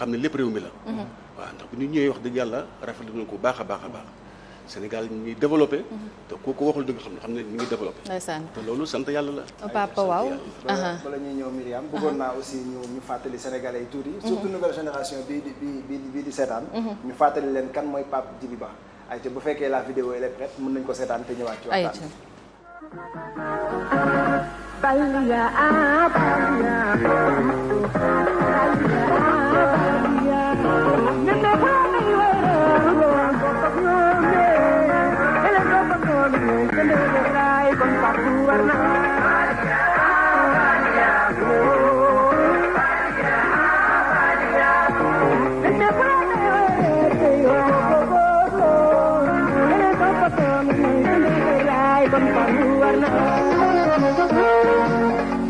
xam ne lépp réew mi la. Mhm. waaw ndax bu ñu ñëwee wax dëgg yàlla rafetlu nañu ko baax a baax a baax Sénégal ñu ngi développé. Mhm. te ku ko waxul dëgg xam ne xam ne ñu ngi développé. te loolu sant yàlla la. papa waaw. bala ñuy ñëw Myriam buggoon naa aussi ñu ñu fàttali sénégalais yi tuuti. Mhm. surtout nouvelle génération bii di seetaan. ñu fàttali leen kan mooy Pape Djiby Ba. ayca bu fekkee la vidéo elle est prête mën nañu ko seetaan te ñëwaat ci waxtaan Balya ah, Balya Balya Balya Nene kani wera Gopakyone Ele gopakyone Kende verai Kon papu warna Balya Balya Balya Balya Nene kani wera Gopakyone Ele gopakyone Kende verai Kon papu warna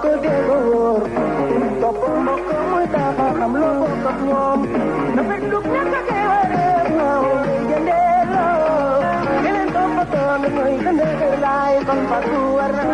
ko dégg wóor topp mbokk muy dafa xam lu bokk ak ñoom na fekk lu ñàkk a waree ñaaw jëndee loo yeneen toppatoo mi mooy gëndee laay kon fatu war na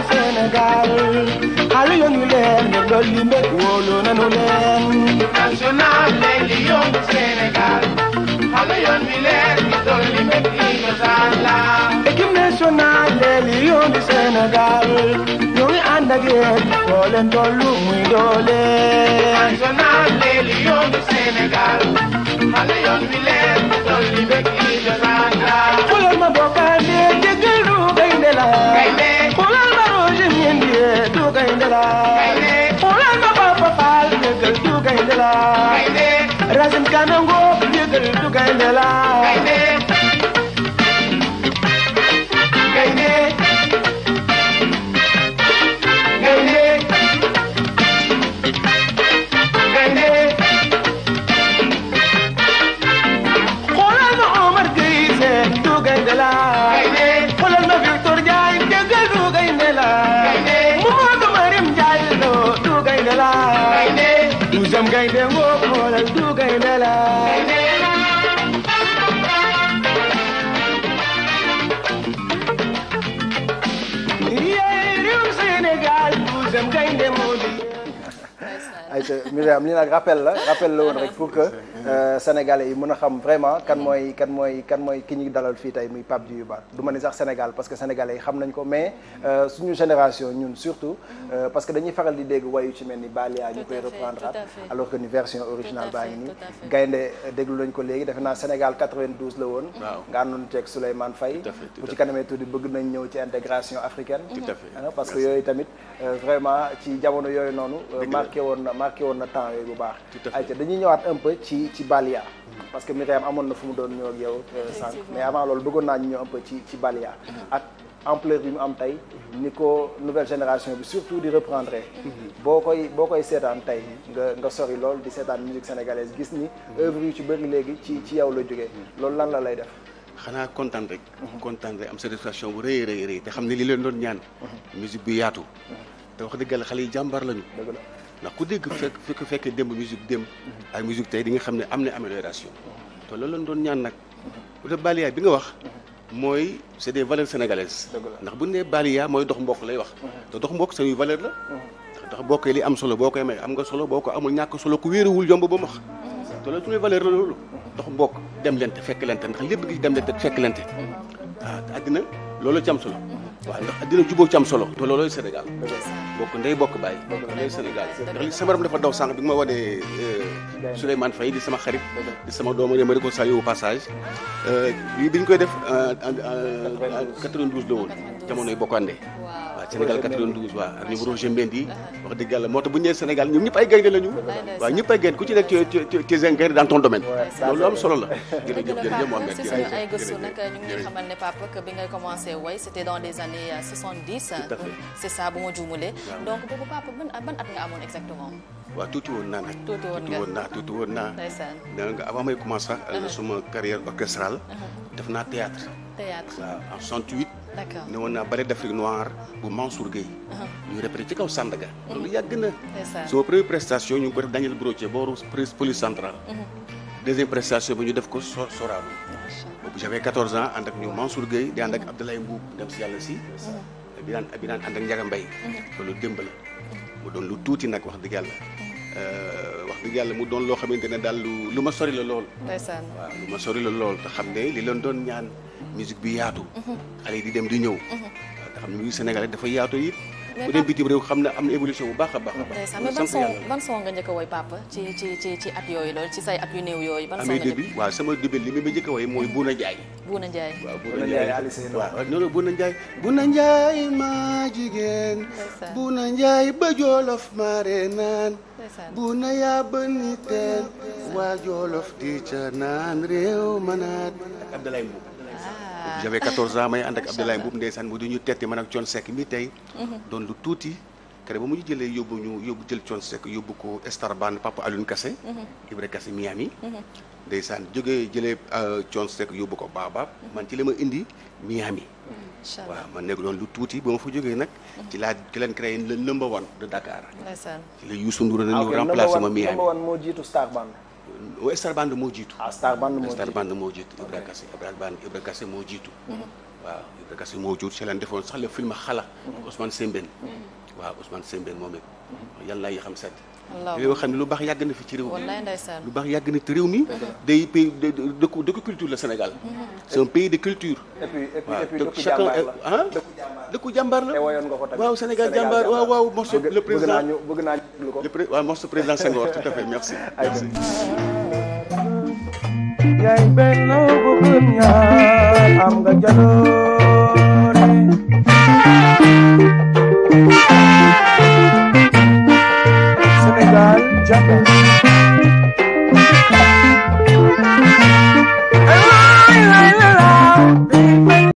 doomi Sénégal xale yoonu leen ne dolli mbég wóolu nanu leen national day li yombu Sénégal xale yoon bi leer ni dolli mbég li cosaan la équipe nationale day li yombu Sénégal ñoo ngi ànd ak yéen foo leen tollu muy doole national day li yombu Sénégal xale yoon bi leer ni dolli mbég ayca Myriam li nag rappel la rappel la woon rek pour que euh, sénégalais yi mën a xam vraiment kan mooy kan mooy kan ki ñu dalal fii tey muy Pape Djibril Ba du ma ni sax Sénégal parce que sénégalais yi xam nañ ko mais euh, suñu génération ñun surtout euh, parce dañuy faral di dégg wayu ci mel ni Balia ñu koy reprendre alors que ni version originale baa ngi nii gaynde déglu lañ ko léegi defe naa Sénégal 92 la woon nga àndoon ceeg Souleymane Faye bu ci kanamee tuuti bëgg nañ ñëw ci intégration africaine ah, parce que yooyu tamit vraiment ci jamono marqué woon na temps yooyu bu baax. ayca dañuy ñëwaat un peu ci ci Balia. parce que Myriam amoon na fu mu doon ñëw ak yow euh, sànq mais avant loolu bëggoon naa ñu ñëw un peu ci ci Balia. Mm-hmm. ak ampleur bi mu am tey. ni ko nouvelle génération bi surtout di reprendre. Mm-hmm. boo koy boo koy seetaan tey nga nga sori lool di seetaan musique sénégalaise gis ni. Mm-hmm. œuvre yu ci bëri léegi ci ci yow la jógee. loolu lan la lay def. xanaa kontaan rek. kontaan rek am satisfaction bu rëy rëy rëy te xam ni li leen doon ñaan. musique bi yaatu. te wax dëgg yàlla xale yi jàmbaar lañu. ndax ku dégg fekk fekk fekkee démb musique démb ak musique tey di nga xam ne am na amélioration te loolu lañ doon ñaan nag bu dee baliya bi nga wax mooy c'est des valeurs sénégalaises ndax bu ñu nee baliya mooy dox mbokk lay wax te dox mbokk sañuy valeur la ndax boo koy li am solo boo koy may am nga solo boo ko amul ñàkk solo ku wéeruwul yomb ba mu wax te loolu suñuy valeur la dox mbokk dem lente fekk lente ndax lépp gi dem lente fekk lente waaw mm-hmm. ah àddina loolu ci am solo waaw ndax dina jubóo ci am solo te loolooy Sénégal bokk ndey bokk bàyyi loolooy Sénégal ndax li sama ram dafa daw sànq bi nga ma wanee euh, Souleymane Faye di sama xarit di sama doom réew ma di ko salué au passage euh, bi ñu koy def euh, en 92 la woon jamonoy bokkande Sénégal 92 waaw ak ñoom Roger Mendy wax dëgg yàlla moo tax bu ñu nee Sénégal ñoom ñëpp ay gaynde lañu waaw ñëpp ay gaynde ku ci nekk ci seen gaynde dans ton domaine loolu am solo la jërëjëf jërëjëf Mohamed si suñu ay gëstu nag ñu ngi xamal ne Pape que bi ngay commencé way c'était dans les années 70 euh, c'est ça bu ma juumulee donc boobu Pape ban ban at nga amoon exactement waaw tuuti woon naa nag tuuti woon naa tuuti woon naa da nga avant may commencé euh, uh-huh. suma carrière orchestrale uh-huh. def naa théâtre théâtre waaw en 68. d'accord ne woon naa ballet d'Afrique noire bu Mansour Gueye. Uh-huh. ñu répété ci kaw Sandaga. loolu yàgg na. sama première prestation ñu ngi ko def Daniel Brochet booru police centrale. Uh-huh. deuxième prestation bi ñu def ko Sorano. boobu j'avais 14 ans ànd ak ñu Mansour Gueye di ànd ak Abdoulaye Mboub dem si yàlla si. Uh-huh. bi daan bi daan ànd ak Ndiaga Mbaye. mu doon lu tuuti nag wax dëgg yàlla. Euh, wax dëgg yàlla mu doon loo xamante ne daal lu lu ma sori la lool. waaw lu ma sori la lool te xam ne li leen doon ñaan. musique bi yaatu. Mhm. xale yi di dem di ñëw. Mhm. nga xam dafa yaatu it. bu dem bitim réew xam na am na évolution bu baax a baax. a baax ban son ban son nga njëkk a woy papa ci ci ci ci at yooyu loolu ci say at yu néew yooyu. ban son nga njëkk waaw sama début li ma mooy mhm. Bouna Ndiaye. Bouna Ndiaye waaw Bouna Ndiaye Aliou Seye waaw non non Bouna Ndiaye. Bouna Ndiaye maa jigéen. Bouna Ndiaye ba Jolof mare naan. Bouna yaa ba niteen waa Jolof di j'avais 14 ans may ànd ak Abdoulaye Mboub ndeysaan mu di ñu tetti man ak Thione mi tey mhm. doon lu tuuti kere ba mu ñu jëlee yóbbu ñu yóbbu jël Thione yóbbu ko Star Band Papa Alioune Kassé mhm. Ibra Miami mhm. ndeysaan jógee jëlee euh, Thione yóbbu ko Baobab man ci la ma indi Miami waaw ma nekk doon lu tuuti ba ma fa jógee nag ci laa ci leen créé le number one de Dakar ci la Youssou Ndour na ah, ñu remplacé Miami moo jiitu Star Star Band moo ah, moo jiitu Star Band moo moo jiitu. Mhm. waaw Gassi moo jur si leen defoon sax le film xala Ousmane Sembène waaw Ousmane Sembène moom it yàlla na yi xam sedd ne lu baax yàgg na fi ci réew mi lu baax yàgg na ci réew mi culture la Sénégal culture waaw chacun ah dëkku jàmbaar la waaw Sénégal jàmbaar waaw waaw morceau le président le président waaw morceau président merci merci yaay benn bu gën ñaar am nga jalo